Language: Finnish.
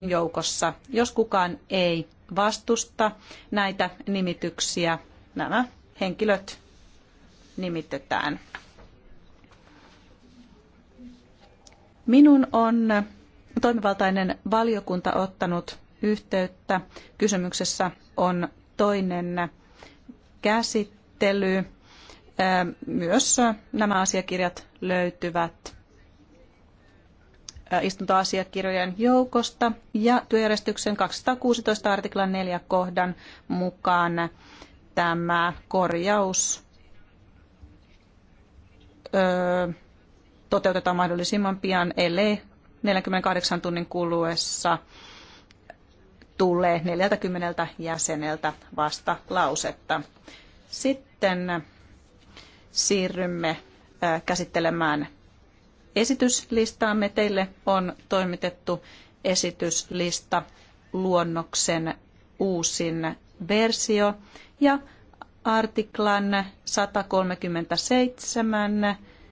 joukossa. Jos kukaan ei vastusta näitä nimityksiä, nämä henkilöt nimitetään. Minun on toimivaltainen valiokunta ottanut yhteyttä. Kysymyksessä on toinen käsittely. Myös nämä asiakirjat löytyvät istuntoasiakirjojen joukosta ja työjärjestyksen 216 artiklan 4 kohdan mukaan tämä korjaus ö, toteutetaan mahdollisimman pian, ellei 48 tunnin kuluessa tulee 40 jäseneltä vasta lausetta. Sitten siirrymme käsittelemään esityslistaamme. Teille on toimitettu esityslista luonnoksen uusin versio ja artiklan 137